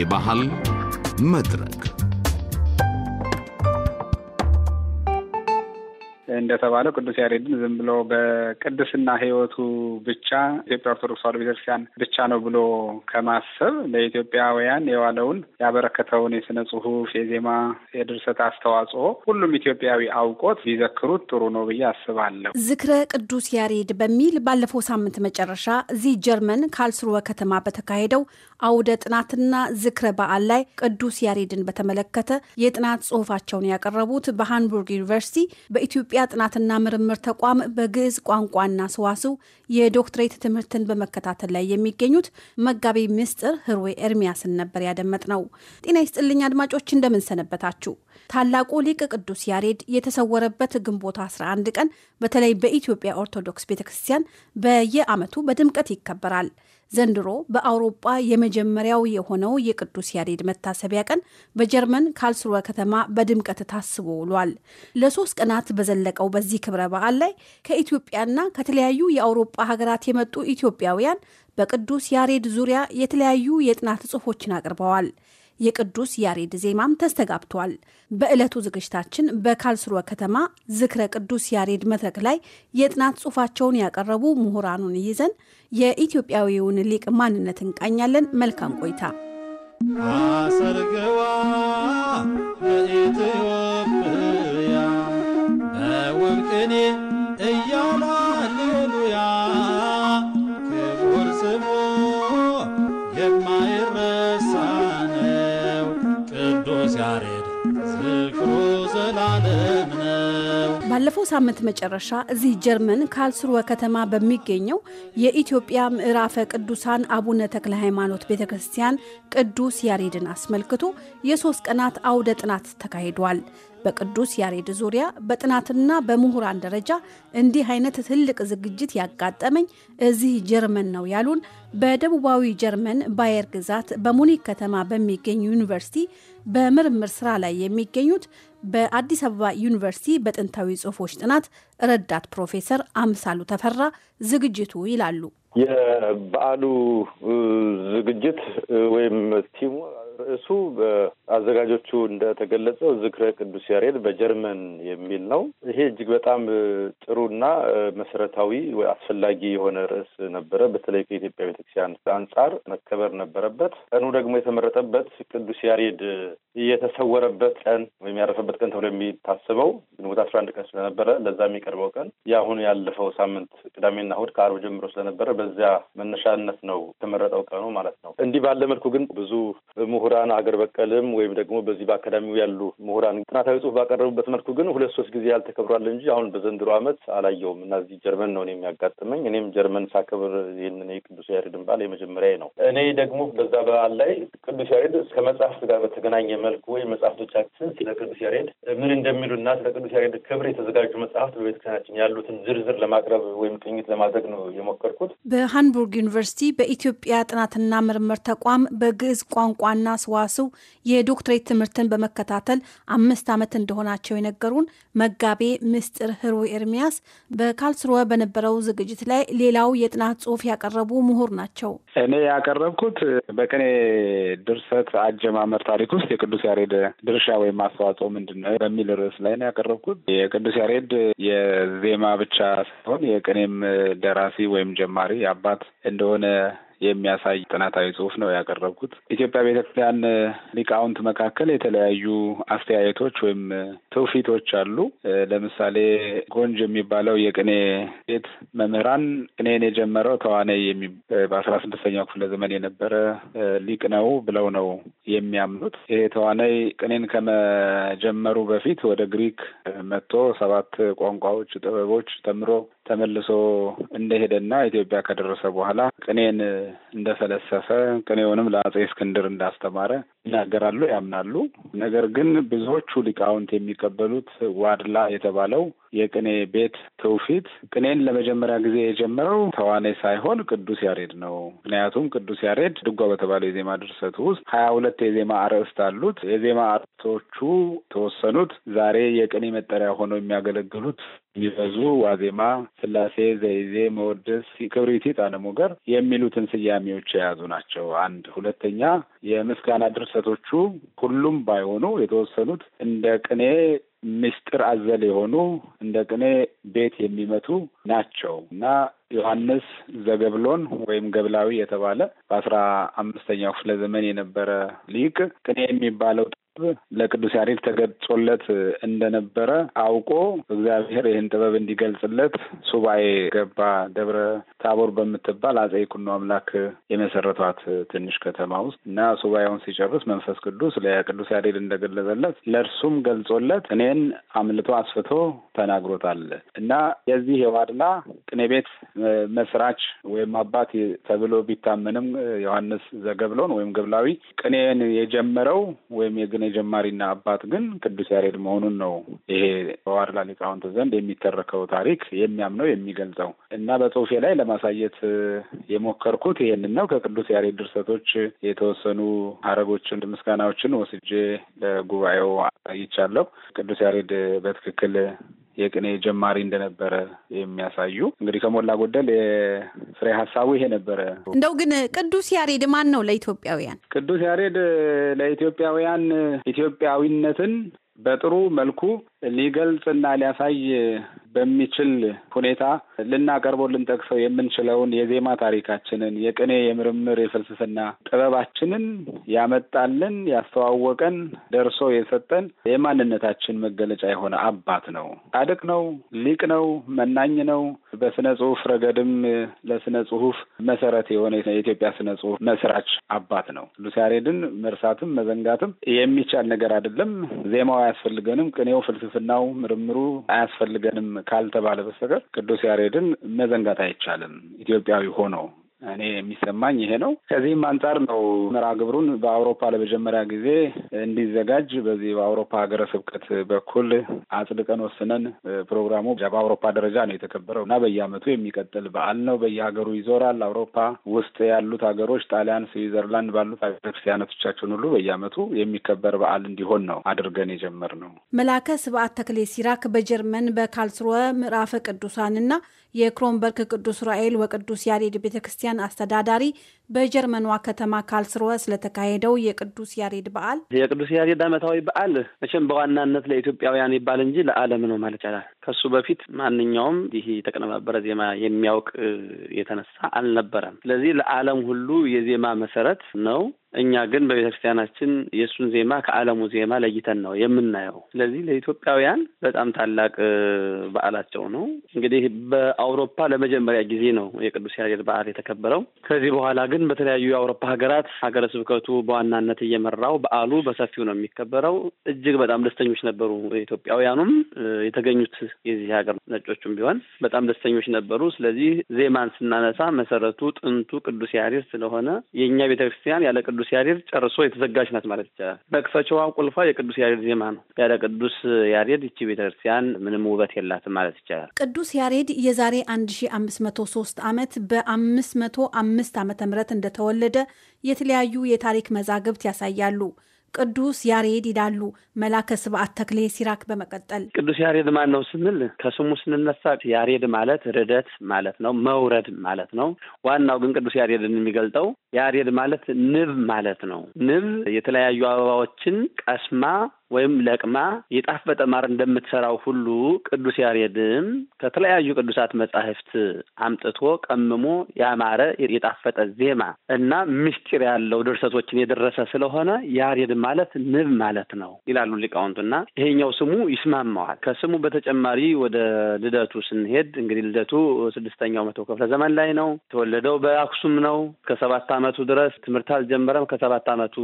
የባህል መድረክ እንደተባለው ቅዱስ ያሬድን ዝም ብሎ በቅድስና ህይወቱ ብቻ ኢትዮጵያ ኦርቶዶክስ ተዋህዶ ቤተክርስቲያን ብቻ ነው ብሎ ከማሰብ ለኢትዮጵያውያን የዋለውን ያበረከተውን የስነ ጽሁፍ፣ የዜማ፣ የድርሰት አስተዋጽኦ ሁሉም ኢትዮጵያዊ አውቆት ቢዘክሩት ጥሩ ነው ብዬ አስባለሁ። ዝክረ ቅዱስ ያሬድ በሚል ባለፈው ሳምንት መጨረሻ እዚህ ጀርመን ካልስሩወ ከተማ በተካሄደው አውደ ጥናትና ዝክረ በዓል ላይ ቅዱስ ያሬድን በተመለከተ የጥናት ጽሁፋቸውን ያቀረቡት በሃንቡርግ ዩኒቨርሲቲ በኢትዮጵያ ጥናትና ምርምር ተቋም በግዕዝ ቋንቋና ሰዋስው የዶክትሬት ትምህርትን በመከታተል ላይ የሚገኙት መጋቢ ምስጢር ህርዌ ኤርሚያስን ነበር ያደመጥ ነው። ጤና ይስጥልኝ አድማጮች፣ እንደምንሰነበታችሁ። ታላቁ ሊቅ ቅዱስ ያሬድ የተሰወረበት ግንቦት 11 ቀን በተለይ በኢትዮጵያ ኦርቶዶክስ ቤተክርስቲያን በየዓመቱ በድምቀት ይከበራል። ዘንድሮ በአውሮጳ የመጀመሪያው የሆነው የቅዱስ ያሬድ መታሰቢያ ቀን በጀርመን ካልስሩወ ከተማ በድምቀት ታስቦ ውሏል። ለሶስት ቀናት በዘለቀው በዚህ ክብረ በዓል ላይ ከኢትዮጵያና ከተለያዩ የአውሮጳ ሀገራት የመጡ ኢትዮጵያውያን በቅዱስ ያሬድ ዙሪያ የተለያዩ የጥናት ጽሑፎችን አቅርበዋል። የቅዱስ ያሬድ ዜማም ተስተጋብቷል። በዕለቱ ዝግጅታችን በካልስሮ ከተማ ዝክረ ቅዱስ ያሬድ መድረክ ላይ የጥናት ጽሑፋቸውን ያቀረቡ ምሁራኑን ይዘን የኢትዮጵያዊውን ሊቅ ማንነት እንቃኛለን። መልካም ቆይታ። ባለፈው ሳምንት መጨረሻ እዚህ ጀርመን ካልስሩወ ከተማ በሚገኘው የኢትዮጵያ ምዕራፈ ቅዱሳን አቡነ ተክለ ሃይማኖት ቤተ ክርስቲያን ቅዱስ ያሬድን አስመልክቶ የሶስት ቀናት አውደ ጥናት ተካሂዷል። በቅዱስ ያሬድ ዙሪያ በጥናትና በምሁራን ደረጃ እንዲህ አይነት ትልቅ ዝግጅት ያጋጠመኝ እዚህ ጀርመን ነው ያሉን በደቡባዊ ጀርመን ባየር ግዛት በሙኒክ ከተማ በሚገኝ ዩኒቨርሲቲ በምርምር ስራ ላይ የሚገኙት በአዲስ አበባ ዩኒቨርሲቲ በጥንታዊ ጽሑፎች ጥናት ረዳት ፕሮፌሰር አምሳሉ ተፈራ ዝግጅቱ ይላሉ የበዓሉ ዝግጅት ወይም ቲሙ ርዕሱ አዘጋጆቹ እንደተገለጸው ዝክረ ቅዱስ ያሬድ በጀርመን የሚል ነው። ይሄ እጅግ በጣም ጥሩና መሰረታዊ አስፈላጊ የሆነ ርዕስ ነበረ። በተለይ ከኢትዮጵያ ቤተክርስቲያን አንጻር መከበር ነበረበት። ቀኑ ደግሞ የተመረጠበት ቅዱስ ያሬድ የተሰወረበት ቀን ወይም ያረፈበት ቀን ተብሎ የሚታስበው ግንቦት አስራ አንድ ቀን ስለነበረ ለዛ የሚቀርበው ቀን የአሁኑ ያለፈው ሳምንት ቅዳሜና እሑድ ከአርብ ጀምሮ ስለነበረ በዚያ መነሻነት ነው የተመረጠው ቀኑ ማለት ነው። እንዲህ ባለ መልኩ ግን ብዙ ምሁራን ምሁራን አገር በቀልም ወይም ደግሞ በዚህ በአካዳሚው ያሉ ምሁራን ጥናታዊ ጽሁፍ ባቀረቡበት መልኩ ግን ሁለት ሶስት ጊዜ ያህል ተከብሯል እንጂ አሁን በዘንድሮ ዓመት አላየውም እና እዚህ ጀርመን ነው የሚያጋጥመኝ። እኔም ጀርመን ሳከብር ይህንን የቅዱስ ያሬድን በዓል የመጀመሪያ ነው። እኔ ደግሞ በዛ በዓል ላይ ቅዱስ ያሬድ እስከ መጽሐፍት ጋር በተገናኘ መልኩ ወይም መጽሐፍቶቻችን ስለ ቅዱስ ያሬድ ምን እና ስለ ቅዱስ ያሬድ ክብር የተዘጋጁ መጽሐፍት በቤተክርስቲያናችን ያሉትን ዝርዝር ለማቅረብ ወይም ቅኝት ለማድረግ ነው የሞከርኩት። በሃንቡርግ ዩኒቨርሲቲ በኢትዮጵያ ጥናትና ምርምር ተቋም በግዕዝ ቋንቋና ማስዋሱ የዶክትሬት ትምህርትን በመከታተል አምስት ዓመት እንደሆናቸው የነገሩን መጋቤ ምስጢር ህሩይ ኤርሚያስ በካልስሮወ በነበረው ዝግጅት ላይ ሌላው የጥናት ጽሑፍ ያቀረቡ ምሁር ናቸው። እኔ ያቀረብኩት በቅኔ ድርሰት አጀማመር ታሪክ ውስጥ የቅዱስ ያሬድ ድርሻ ወይም አስተዋጽኦ ምንድን ነው በሚል ርዕስ ላይ ነው ያቀረብኩት። የቅዱስ ያሬድ የዜማ ብቻ ሳይሆን የቅኔም ደራሲ ወይም ጀማሪ አባት እንደሆነ የሚያሳይ ጥናታዊ ጽሁፍ ነው ያቀረብኩት። ኢትዮጵያ ቤተክርስቲያን ሊቃውንት መካከል የተለያዩ አስተያየቶች ወይም ትውፊቶች አሉ። ለምሳሌ ጎንጅ የሚባለው የቅኔ ቤት መምህራን ቅኔን የጀመረው ተዋናይ በአስራ ስድስተኛው ክፍለ ዘመን የነበረ ሊቅ ነው ብለው ነው የሚያምኑት። ይሄ ተዋናይ ቅኔን ከመጀመሩ በፊት ወደ ግሪክ መጥቶ ሰባት ቋንቋዎች ጥበቦች ተምሮ ተመልሶ እንደሄደና ኢትዮጵያ ከደረሰ በኋላ ቅኔን እንደፈለሰፈ ቅኔውንም ለአጼ እስክንድር እንዳስተማረ ይናገራሉ፣ ያምናሉ። ነገር ግን ብዙዎቹ ሊቃውንት የሚቀበሉት ዋድላ የተባለው የቅኔ ቤት ትውፊት ቅኔን ለመጀመሪያ ጊዜ የጀመረው ተዋኔ ሳይሆን ቅዱስ ያሬድ ነው። ምክንያቱም ቅዱስ ያሬድ ድጓ በተባለው የዜማ ድርሰቱ ውስጥ ሀያ ሁለት የዜማ አርዕስት አሉት። የዜማ አርዕስቶቹ ተወሰኑት ዛሬ የቅኔ መጠሪያ ሆነው የሚያገለግሉት የሚበዙ ዋዜማ፣ ስላሴ፣ ዘይዜ፣ መወደስ፣ ክብሪቲ፣ ጣነ ሞገር የሚሉትን ስያሜዎች የያዙ ናቸው። አንድ ሁለተኛ የምስጋና ድርሰ ድርሰቶቹ ሁሉም ባይሆኑ የተወሰኑት እንደ ቅኔ ምስጢር አዘል የሆኑ እንደ ቅኔ ቤት የሚመቱ ናቸው እና ዮሐንስ ዘገብሎን ወይም ገብላዊ የተባለ በአስራ አምስተኛው ክፍለ ዘመን የነበረ ሊቅ ቅኔ የሚባለው ለቅዱስ ያሬድ ተገልጾለት እንደነበረ አውቆ እግዚአብሔር ይህን ጥበብ እንዲገልጽለት ሱባኤ ገባ። ደብረ ታቦር በምትባል አጼ ይኩኖ አምላክ የመሰረቷት ትንሽ ከተማ ውስጥ እና ሱባኤውን ሲጨርስ መንፈስ ቅዱስ ለቅዱስ ያሬድ እንደገለጸለት ለእርሱም ገልጾለት እኔን አምልቶ አስፍቶ ተናግሮታል እና የዚህ የዋድላ ቅኔ ቤት መስራች ወይም አባት ተብሎ ቢታመንም ዮሐንስ ዘገብሎን ወይም ገብላዊ ቅኔን የጀመረው ወይም የግኔ ጀማሪና አባት ግን ቅዱስ ያሬድ መሆኑን ነው ይሄ በዋድላ ሊቃውንት ዘንድ የሚተረከው ታሪክ የሚያምነው የሚገልጸው እና በጽሁፌ ላይ ለማሳየት የሞከርኩት ይሄንን ነው። ከቅዱስ ያሬድ ድርሰቶች የተወሰኑ ሀረጎችን፣ ምስጋናዎችን ወስጄ ለጉባኤው አሳይቻለሁ። ቅዱስ ያሬድ በትክክል የቅኔ ጀማሪ እንደነበረ የሚያሳዩ እንግዲህ ከሞላ ጎደል የፍሬ ሀሳቡ ይሄ ነበረ። እንደው ግን ቅዱስ ያሬድ ማን ነው ለኢትዮጵያውያን? ቅዱስ ያሬድ ለኢትዮጵያውያን ኢትዮጵያዊነትን በጥሩ መልኩ ሊገልጽና ሊያሳይ በሚችል ሁኔታ ልናቀርበው ልንጠቅሰው የምንችለውን የዜማ ታሪካችንን፣ የቅኔ፣ የምርምር፣ የፍልስፍና ጥበባችንን ያመጣልን፣ ያስተዋወቀን፣ ደርሶ የሰጠን የማንነታችን መገለጫ የሆነ አባት ነው። ጻድቅ ነው፣ ሊቅ ነው፣ መናኝ ነው። በስነ ጽሁፍ ረገድም ለስነ ጽሁፍ መሰረት የሆነ የኢትዮጵያ ስነ ጽሁፍ መስራች አባት ነው። ቅዱስ ያሬድን መርሳትም መዘንጋትም የሚቻል ነገር አይደለም። ዜማው አያስፈልገንም፣ ቅኔው፣ ፍልስፍናው፣ ምርምሩ አያስፈልገንም። ካልተባለ በስተቀር ቅዱስ ያሬድን መዘንጋት አይቻልም። ኢትዮጵያዊ ሆኖ እኔ የሚሰማኝ ይሄ ነው። ከዚህም አንጻር ነው መርሃ ግብሩን በአውሮፓ ለመጀመሪያ ጊዜ እንዲዘጋጅ በዚህ በአውሮፓ ሀገረ ስብከት በኩል አጽድቀን ወስነን ፕሮግራሙ በአውሮፓ ደረጃ ነው የተከበረው እና በየአመቱ የሚቀጥል በዓል ነው። በየሀገሩ ይዞራል። አውሮፓ ውስጥ ያሉት ሀገሮች ጣሊያን፣ ስዊዘርላንድ ባሉት ቤተክርስቲያናቶቻችን ሁሉ በየአመቱ የሚከበር በዓል እንዲሆን ነው አድርገን የጀመርነው። መላከ ስብአት ተክሌ ሲራክ በጀርመን በካልስሮ ምዕራፈ ቅዱሳንና የክሮንበርግ ቅዱስ ራኤል ወቅዱስ ያሬድ ቤተክርስቲያን ቀን አስተዳዳሪ በጀርመኗ ከተማ ካልስሮ ስለተካሄደው የቅዱስ ያሬድ በዓል የቅዱስ ያሬድ ዓመታዊ በዓል መቼም በዋናነት ለኢትዮጵያውያን ይባል እንጂ ለዓለም ነው ማለት ይቻላል። ከሱ በፊት ማንኛውም ይህ የተቀነባበረ ዜማ የሚያውቅ የተነሳ አልነበረም። ስለዚህ ለዓለም ሁሉ የዜማ መሰረት ነው። እኛ ግን በቤተ ክርስቲያናችን የእሱን ዜማ ከዓለሙ ዜማ ለይተን ነው የምናየው። ስለዚህ ለኢትዮጵያውያን በጣም ታላቅ በዓላቸው ነው። እንግዲህ በአውሮፓ ለመጀመሪያ ጊዜ ነው የቅዱስ ያሬድ በዓል የተከበረው። ከዚህ በኋላ ግን ግን በተለያዩ የአውሮፓ ሀገራት ሀገረ ስብከቱ በዋናነት እየመራው በዓሉ በሰፊው ነው የሚከበረው። እጅግ በጣም ደስተኞች ነበሩ። ኢትዮጵያውያኑም የተገኙት የዚህ ሀገር ነጮቹም ቢሆን በጣም ደስተኞች ነበሩ። ስለዚህ ዜማን ስናነሳ መሰረቱ ጥንቱ ቅዱስ ያሬድ ስለሆነ የእኛ ቤተ ክርስቲያን ያለ ቅዱስ ያሬድ ጨርሶ የተዘጋጅ ናት ማለት ይቻላል። መክፈቻዋ ቁልፏ የቅዱስ ያሬድ ዜማ ነው። ያለ ቅዱስ ያሬድ ይቺ ቤተ ክርስቲያን ምንም ውበት የላትም ማለት ይቻላል። ቅዱስ ያሬድ የዛሬ አንድ ሺ አምስት መቶ ሶስት አመት በአምስት መቶ አምስት አመተ ምህረት እንደተወለደ የተለያዩ የታሪክ መዛግብት ያሳያሉ። ቅዱስ ያሬድ ይላሉ መላከ ስብአት ተክሌ ሲራክ። በመቀጠል ቅዱስ ያሬድ ማን ነው ስንል ከስሙ ስንነሳ ያሬድ ማለት ርደት ማለት ነው፣ መውረድ ማለት ነው። ዋናው ግን ቅዱስ ያሬድን የሚገልጠው ያሬድ ማለት ንብ ማለት ነው። ንብ የተለያዩ አበባዎችን ቀስማ ወይም ለቅማ የጣፈጠ ማር እንደምትሰራው ሁሉ ቅዱስ ያሬድም ከተለያዩ ቅዱሳት መጻሕፍት አምጥቶ ቀምሞ ያማረ የጣፈጠ ዜማ እና ምስጢር ያለው ድርሰቶችን የደረሰ ስለሆነ ያሬድ ማለት ንብ ማለት ነው ይላሉ ሊቃውንቱ እና ይሄኛው ስሙ ይስማማዋል። ከስሙ በተጨማሪ ወደ ልደቱ ስንሄድ እንግዲህ ልደቱ ስድስተኛው መቶ ክፍለ ዘመን ላይ ነው። የተወለደው በአክሱም ነው። ከሰባት ዓመት አመቱ ድረስ ትምህርት አልጀመረም። ከሰባት አመቱ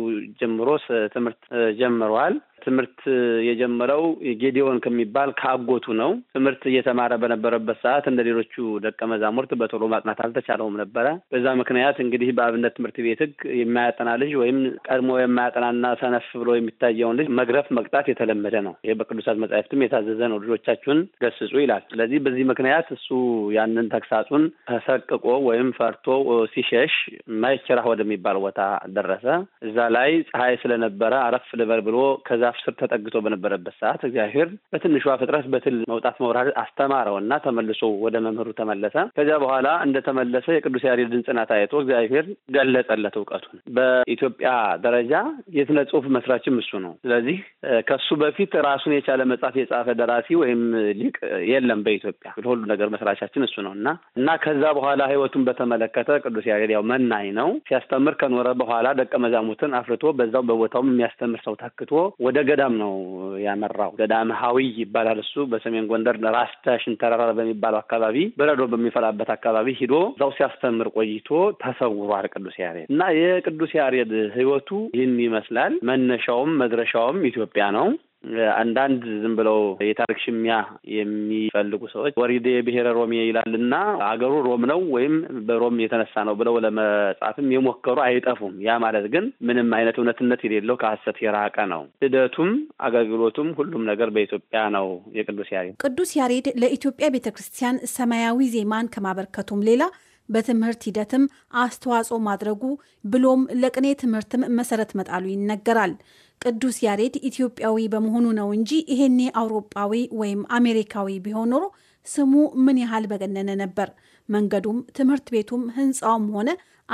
ጀምሮ ትምህርት ጀምሯል። ትምህርት የጀመረው ጌዲዮን ከሚባል ከአጎቱ ነው። ትምህርት እየተማረ በነበረበት ሰዓት እንደ ሌሎቹ ደቀ መዛሙርት በቶሎ ማጥናት አልተቻለውም ነበረ። በዛ ምክንያት እንግዲህ በአብነት ትምህርት ቤት ሕግ የማያጠና ልጅ ወይም ቀድሞ የማያጠናና ሰነፍ ብሎ የሚታየውን ልጅ መግረፍ፣ መቅጣት የተለመደ ነው። ይሄ በቅዱሳት መጻሕፍትም የታዘዘ ነው። ልጆቻችሁን ገስጹ ይላል። ስለዚህ በዚህ ምክንያት እሱ ያንን ተግሳጹን ተሰቅቆ ወይም ፈርቶ ሲሸሽ ማይቸራህ ወደሚባል ቦታ ደረሰ። እዛ ላይ ፀሐይ ስለነበረ አረፍ ልበል ብሎ ከዛ ዛፍ ስር ተጠግቶ በነበረበት ሰዓት እግዚአብሔር በትንሿ ፍጥረት በትል መውጣት መውራድ አስተማረው እና ተመልሶ ወደ መምህሩ ተመለሰ። ከዚያ በኋላ እንደተመለሰ የቅዱስ ያሬድን ጽናት አይቶ እግዚአብሔር ገለጸለት እውቀቱን። በኢትዮጵያ ደረጃ የስነ ጽሁፍ መስራችም እሱ ነው። ስለዚህ ከሱ በፊት ራሱን የቻለ መጽሐፍ የጻፈ ደራሲ ወይም ሊቅ የለም በኢትዮጵያ። ሁሉ ነገር መስራቻችን እሱ ነው እና እና ከዛ በኋላ ህይወቱን በተመለከተ ቅዱስ ያሬድ ያው መናኝ ነው። ሲያስተምር ከኖረ በኋላ ደቀ መዛሙርትን አፍርቶ በዛው በቦታውም የሚያስተምር ሰው ታክቶ ወደ ገዳም ነው ያመራው። ገዳም ሀዊ ይባላል። እሱ በሰሜን ጎንደር ራስ ዳሽን ተራራ በሚባለው አካባቢ በረዶ በሚፈላበት አካባቢ ሂዶ እዛው ሲያስተምር ቆይቶ ተሰውሯል ቅዱስ ያሬድ እና የቅዱስ ያሬድ ህይወቱ ይህን ይመስላል። መነሻውም መድረሻውም ኢትዮጵያ ነው። አንዳንድ ዝም ብለው የታሪክ ሽሚያ የሚፈልጉ ሰዎች ወሪዴ ብሔረ ሮሜ ይላል እና አገሩ ሮም ነው ወይም በሮም የተነሳ ነው ብለው ለመጻፍም የሞከሩ አይጠፉም። ያ ማለት ግን ምንም አይነት እውነትነት የሌለው ከሀሰት የራቀ ነው። ልደቱም አገልግሎቱም ሁሉም ነገር በኢትዮጵያ ነው። የቅዱስ ያሬድ ቅዱስ ያሬድ ለኢትዮጵያ ቤተ ክርስቲያን ሰማያዊ ዜማን ከማበርከቱም ሌላ በትምህርት ሂደትም አስተዋጽኦ ማድረጉ ብሎም ለቅኔ ትምህርትም መሰረት መጣሉ ይነገራል። ቅዱስ ያሬድ ኢትዮጵያዊ በመሆኑ ነው እንጂ ይሄኔ አውሮፓዊ ወይም አሜሪካዊ ቢሆን ኖሮ ስሙ ምን ያህል በገነነ ነበር። መንገዱም፣ ትምህርት ቤቱም፣ ህንፃውም ሆነ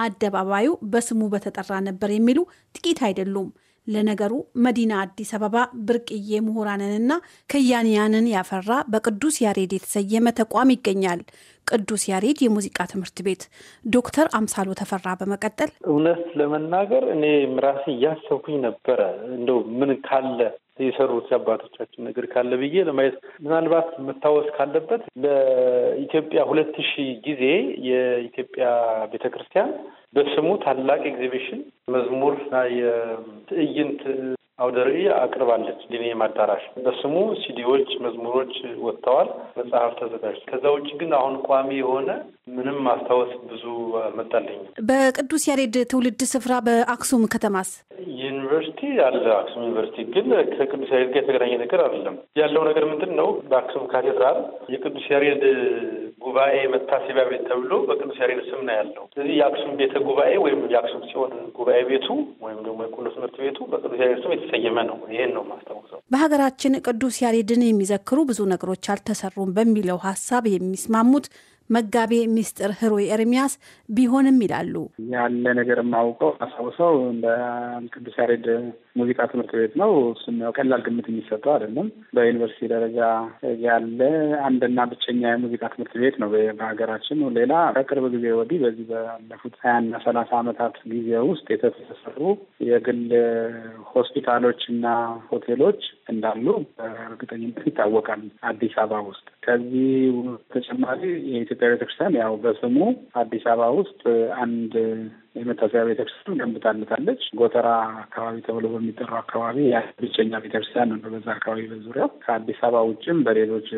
አደባባዩ በስሙ በተጠራ ነበር የሚሉ ጥቂት አይደሉም። ለነገሩ መዲና አዲስ አበባ ብርቅዬ ምሁራንንና ከያንያንን ያፈራ በቅዱስ ያሬድ የተሰየመ ተቋም ይገኛል። ቅዱስ ያሬድ የሙዚቃ ትምህርት ቤት ዶክተር አምሳሉ ተፈራ በመቀጠል እውነት ለመናገር እኔ ራሴ እያሰብኩኝ ነበረ እንደው ምን ካለ የሰሩት የአባቶቻችን ነገር ካለ ብዬ ለማየት ምናልባት መታወስ ካለበት በኢትዮጵያ ሁለት ሺህ ጊዜ የኢትዮጵያ ቤተ ክርስቲያን በስሙ ታላቅ ኤግዚቢሽን መዝሙርና የትዕይንት አውደ ርዕይ አቅርባለች። ሚሊኒየም አዳራሽ በስሙ ሲዲዎች፣ መዝሙሮች ወጥተዋል፣ መጽሐፍ ተዘጋጅ። ከዛ ውጭ ግን አሁን ቋሚ የሆነ ምንም ማስታወስ ብዙ አልመጣልኝም። በቅዱስ ያሬድ ትውልድ ስፍራ በአክሱም ከተማስ ዩኒቨርሲቲ አለ። አክሱም ዩኒቨርሲቲ ግን ከቅዱስ ያሬድ ጋር የተገናኘ ነገር አይደለም። ያለው ነገር ምንድን ነው? በአክሱም ካቴድራል የቅዱስ ያሬድ ጉባኤ መታሰቢያ ቤት ተብሎ በቅዱስ ያሬድ ስም ነው ያለው። ስለዚህ የአክሱም ቤተ ጉባኤ ወይም የአክሱም ሲሆን ጉባኤ ቤቱ ወይም ደግሞ የቆሎ ትምህርት ቤቱ በቅዱስ ያሬድ ስም የተሰየመ ነው። ይሄን ነው ማስታወሰው። በሀገራችን ቅዱስ ያሬድን የሚዘክሩ ብዙ ነገሮች አልተሰሩም በሚለው ሀሳብ የሚስማሙት መጋቤ ሚስጥር ህሩይ ኤርሚያስ ቢሆንም ይላሉ ያለ ነገር የማውቀው አሳውሰው በቅዱስ ያሬድ ሙዚቃ ትምህርት ቤት ነው። እሱም ያው ቀላል ግምት የሚሰጠው አይደለም። በዩኒቨርሲቲ ደረጃ ያለ አንድና ብቸኛ የሙዚቃ ትምህርት ቤት ነው በሀገራችን። ሌላ ከቅርብ ጊዜ ወዲህ በዚህ ባለፉት ሀያና ሰላሳ ዓመታት ጊዜ ውስጥ የተሰሩ የግል ሆስፒታሎች እና ሆቴሎች እንዳሉ በእርግጠኝነት ይታወቃል አዲስ አበባ ውስጥ። ከዚህ ተጨማሪ የኢትዮጵያ ቤተክርስቲያን ያው በስሙ አዲስ አበባ ውስጥ አንድ የመታሰቢያ ቤተክርስቲያን ገንብታለታለች። ጎተራ አካባቢ ተብሎ በሚጠራው አካባቢ ብቸኛ ቤተክርስቲያን ነው በዛ አካባቢ በዙሪያው ከአዲስ አበባ ውጭም በሌሎች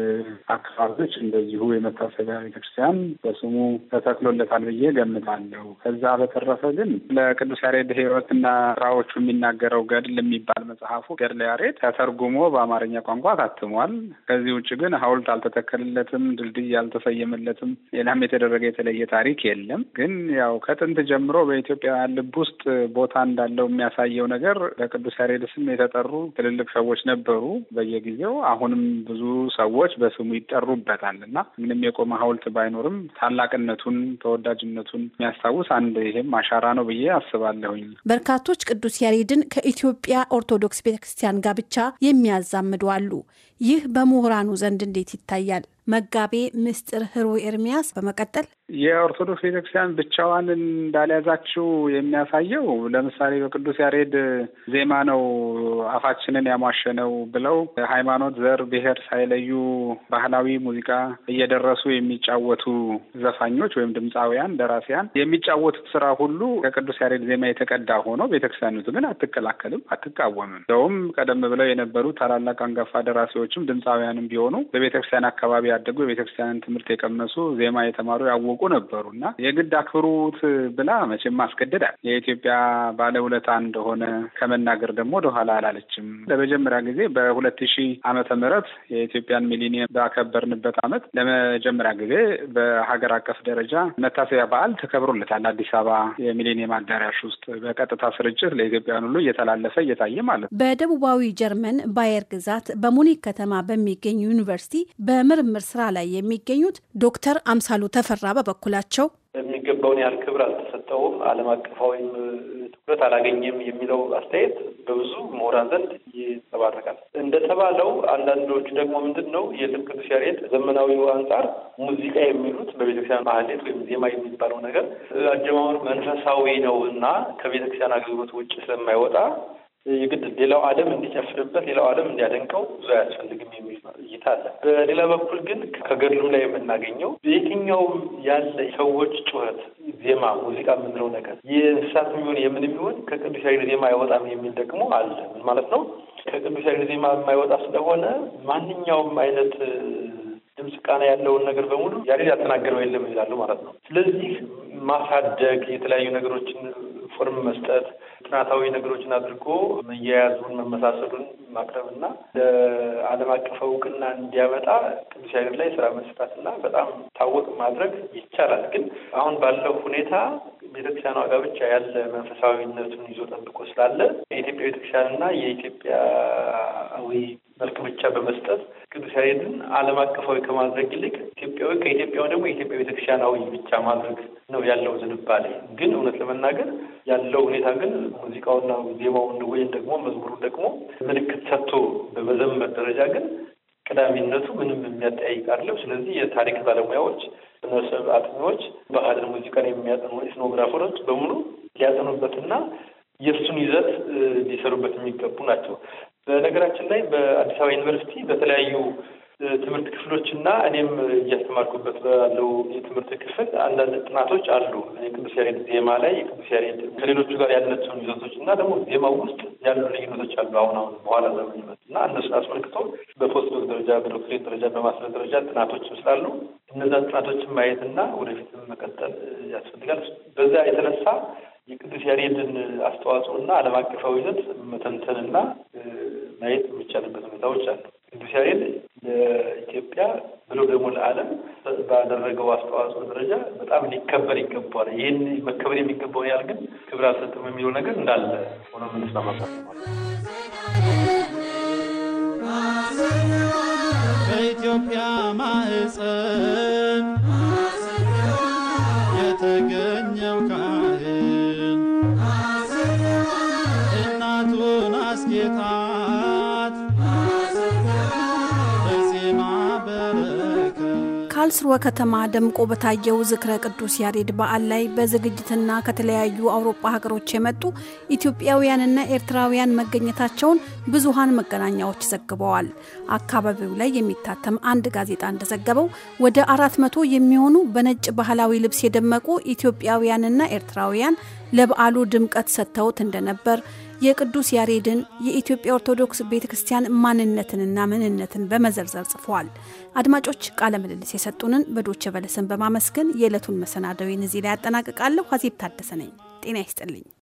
አካባቢዎች እንደዚሁ የመታሰቢያ ቤተክርስቲያን በስሙ ተተክሎለታል ብዬ ገምታለሁ። ከዛ በተረፈ ግን ለቅዱስ ያሬድ ሕይወትና ስራዎቹ የሚናገረው ገድል የሚባል መጽሐፉ ገድለ ያሬድ ተተርጉሞ በአማርኛ ቋንቋ ታትሟል። ከዚህ ውጭ ግን ሐውልት አልተተከለለትም፣ ድልድይ አልተሰየመለትም፣ ሌላም የተደረገ የተለየ ታሪክ የለም። ግን ያው ከጥንት ጀምሮ በኢትዮጵያውያን ልብ ውስጥ ቦታ እንዳለው የሚያሳየው ነገር ለቅዱስ ያሬድ ስም የተጠሩ ትልልቅ ሰዎች ነበሩ በየጊዜው አሁንም ብዙ ሰዎች በስሙ ይጠሩበታል እና ምንም የቆመ ሐውልት ባይኖርም ታላቅነቱን ተወዳጅነቱን የሚያስታውስ አንድ ይሄም አሻራ ነው ብዬ አስባለሁኝ። በርካቶች ቅዱስ ያሬድን ከኢትዮጵያ ኦርቶዶክስ ቤተክርስቲያን ጋር ብቻ የሚያዛምዱ አሉ። ይህ በምሁራኑ ዘንድ እንዴት ይታያል? መጋቤ ምስጢር ህሩይ ኤርሚያስ በመቀጠል የኦርቶዶክስ ቤተክርስቲያን ብቻዋን እንዳልያዛችው የሚያሳየው ለምሳሌ በቅዱስ ያሬድ ዜማ ነው አፋችንን ያሟሸነው ብለው ሃይማኖት፣ ዘር፣ ብሔር ሳይለዩ ባህላዊ ሙዚቃ እየደረሱ የሚጫወቱ ዘፋኞች ወይም ድምፃውያን፣ ደራሲያን የሚጫወቱት ስራ ሁሉ ከቅዱስ ያሬድ ዜማ የተቀዳ ሆኖ ቤተክርስቲያኒቱ ግን አትከላከልም፣ አትቃወምም። እንደውም ቀደም ብለው የነበሩ ታላላቅ አንጋፋ ደራሲዎች ወላጆችም ድምፃውያንም ቢሆኑ በቤተክርስቲያን አካባቢ ያደጉ የቤተክርስቲያንን ትምህርት የቀመሱ ዜማ የተማሩ ያወቁ ነበሩ እና የግድ አክብሩት ብላ መቼም ማስገደዳል የኢትዮጵያ ባለውለታ እንደሆነ ከመናገር ደግሞ ወደኋላ አላለችም። ለመጀመሪያ ጊዜ በሁለት ሺህ ዓመተ ምህረት የኢትዮጵያን ሚሊኒየም ባከበርንበት ዓመት ለመጀመሪያ ጊዜ በሀገር አቀፍ ደረጃ መታሰቢያ በዓል ተከብሮለታል። አዲስ አበባ የሚሊኒየም አዳራሽ ውስጥ በቀጥታ ስርጭት ለኢትዮጵያውያን ሁሉ እየተላለፈ እየታየ ማለት ነው። በደቡባዊ ጀርመን ባየር ግዛት በሙኒክ ከተማ በሚገኝ ዩኒቨርሲቲ በምርምር ስራ ላይ የሚገኙት ዶክተር አምሳሉ ተፈራ በበኩላቸው የሚገባውን ያህል ክብር አልተሰጠውም፣ ዓለም አቀፋዊም ትኩረት አላገኘም የሚለው አስተያየት በብዙ ምሁራን ዘንድ ይንጸባረቃል። እንደተባለው አንዳንዶቹ ደግሞ ምንድን ነው የልብ ያሬድ ዘመናዊው አንጻር ሙዚቃ የሚሉት በቤተክርስቲያን ማህሌት ወይም ዜማ የሚባለው ነገር አጀማመር መንፈሳዊ ነው እና ከቤተክርስቲያን አገልግሎት ውጭ ስለማይወጣ የግድ ሌላው ዓለም እንዲጨፍርበት ሌላው ዓለም እንዲያደንቀው ብዙ አያስፈልግም የሚል እይታ አለ። በሌላ በኩል ግን ከገድሉም ላይ የምናገኘው በየትኛውም ያለ ሰዎች ጩኸት፣ ዜማ፣ ሙዚቃ የምንለው ነገር የእንስሳት የሚሆን የምን የሚሆን ከቅዱስ ያሬድ ዜማ አይወጣም የሚል ደግሞ አለ። ምን ማለት ነው? ከቅዱስ ያሬድ ዜማ የማይወጣ ስለሆነ ማንኛውም አይነት ድምፅ ቃና ያለውን ነገር በሙሉ ያሬድ ያልተናገረው የለም ይላሉ ማለት ነው። ስለዚህ ማሳደግ የተለያዩ ነገሮችን ፎርም መስጠት፣ ጥናታዊ ነገሮችን አድርጎ መያያዙን መመሳሰሉን ማቅረብ እና ለዓለም አቀፍ እውቅና እንዲያመጣ ቅዱስ ያሬድ ላይ ስራ መስራት እና በጣም ታወቅ ማድረግ ይቻላል። ግን አሁን ባለው ሁኔታ ቤተክርስቲያኗ ጋር ብቻ ያለ መንፈሳዊነቱን ይዞ ጠብቆ ስላለ የኢትዮጵያ ቤተክርስቲያንና የኢትዮጵያዊ መልክ ብቻ በመስጠት ቅዱስ ያሬድን ዓለም አቀፋዊ ከማድረግ ይልቅ ኢትዮጵያዊ ከኢትዮጵያ ደግሞ የኢትዮጵያ ቤተክርስቲያናዊ ብቻ ማድረግ ነው ያለው ዝንባሌ። ግን እውነት ለመናገር ያለው ሁኔታ ግን ሙዚቃውና ዜማውን ወይም ደግሞ መዝሙሩ ደግሞ ምልክት ሰጥቶ በመዘመር ደረጃ ግን ቀዳሚነቱ ምንም የሚያጠያይቅ አይደለም። ስለዚህ የታሪክ ባለሙያዎች፣ ስነሰብ አጥኚዎች፣ ባህልን፣ ሙዚቃን የሚያጠኑ ኢትኖግራፈሮች በሙሉ ሊያጠኑበትና የእሱን ይዘት ሊሰሩበት የሚገቡ ናቸው። በነገራችን ላይ በአዲስ አበባ ዩኒቨርሲቲ በተለያዩ ትምህርት ክፍሎች እና እኔም እያስተማርኩበት ያለው የትምህርት ክፍል አንዳንድ ጥናቶች አሉ። የቅዱስ ያሬድ ዜማ ላይ የቅዱስ ያሬድ ከሌሎቹ ጋር ያለችውን ይዘቶች እና ደግሞ ዜማው ውስጥ ያሉ ልዩነቶች አሉ። አሁን አሁን በኋላ ዘመን ይመጡ እና እነሱን አስመልክቶ በፖስት ዶክ ደረጃ በዶክትሬት ደረጃ በማስረት ደረጃ ጥናቶችም ስላሉ እነዛን ጥናቶችን ማየት እና ወደፊትም መቀጠል ያስፈልጋል። በዛ የተነሳ የቅዱስ ያሬድን አስተዋጽኦ እና ዓለም አቀፋዊነት መተንተን መተንተንና ማየት የሚቻልበት ሁኔታዎች አሉ። ቅዱስ ያሬድ ለኢትዮጵያ ብሎ ደግሞ ለዓለም ባደረገው አስተዋጽኦ ደረጃ በጣም ሊከበር ይገባዋል። ይህን መከበር የሚገባው ያህል ግን ክብር አልሰጥም የሚለው ነገር እንዳለ ሆኖ ምንስማማበት በኢትዮጵያ ማህፀን በካልስሩወ ከተማ ደምቆ በታየው ዝክረ ቅዱስ ያሬድ በዓል ላይ በዝግጅትና ከተለያዩ አውሮፓ ሀገሮች የመጡ ኢትዮጵያውያንና ኤርትራውያን መገኘታቸውን ብዙሃን መገናኛዎች ዘግበዋል። አካባቢው ላይ የሚታተም አንድ ጋዜጣ እንደዘገበው ወደ አራት መቶ የሚሆኑ በነጭ ባህላዊ ልብስ የደመቁ ኢትዮጵያውያንና ኤርትራውያን ለበዓሉ ድምቀት ሰጥተውት እንደነበር የቅዱስ ያሬድን የኢትዮጵያ ኦርቶዶክስ ቤተ ክርስቲያን ማንነትንና ምንነትን በመዘርዘር ጽፏል። አድማጮች ቃለ ምልልስ የሰጡንን በዶቸ በለስን በማመስገን የዕለቱን መሰናደዊን እዚህ ላይ ያጠናቅቃለሁ። ሀዜብ ታደሰ ነኝ። ጤና ይስጥልኝ።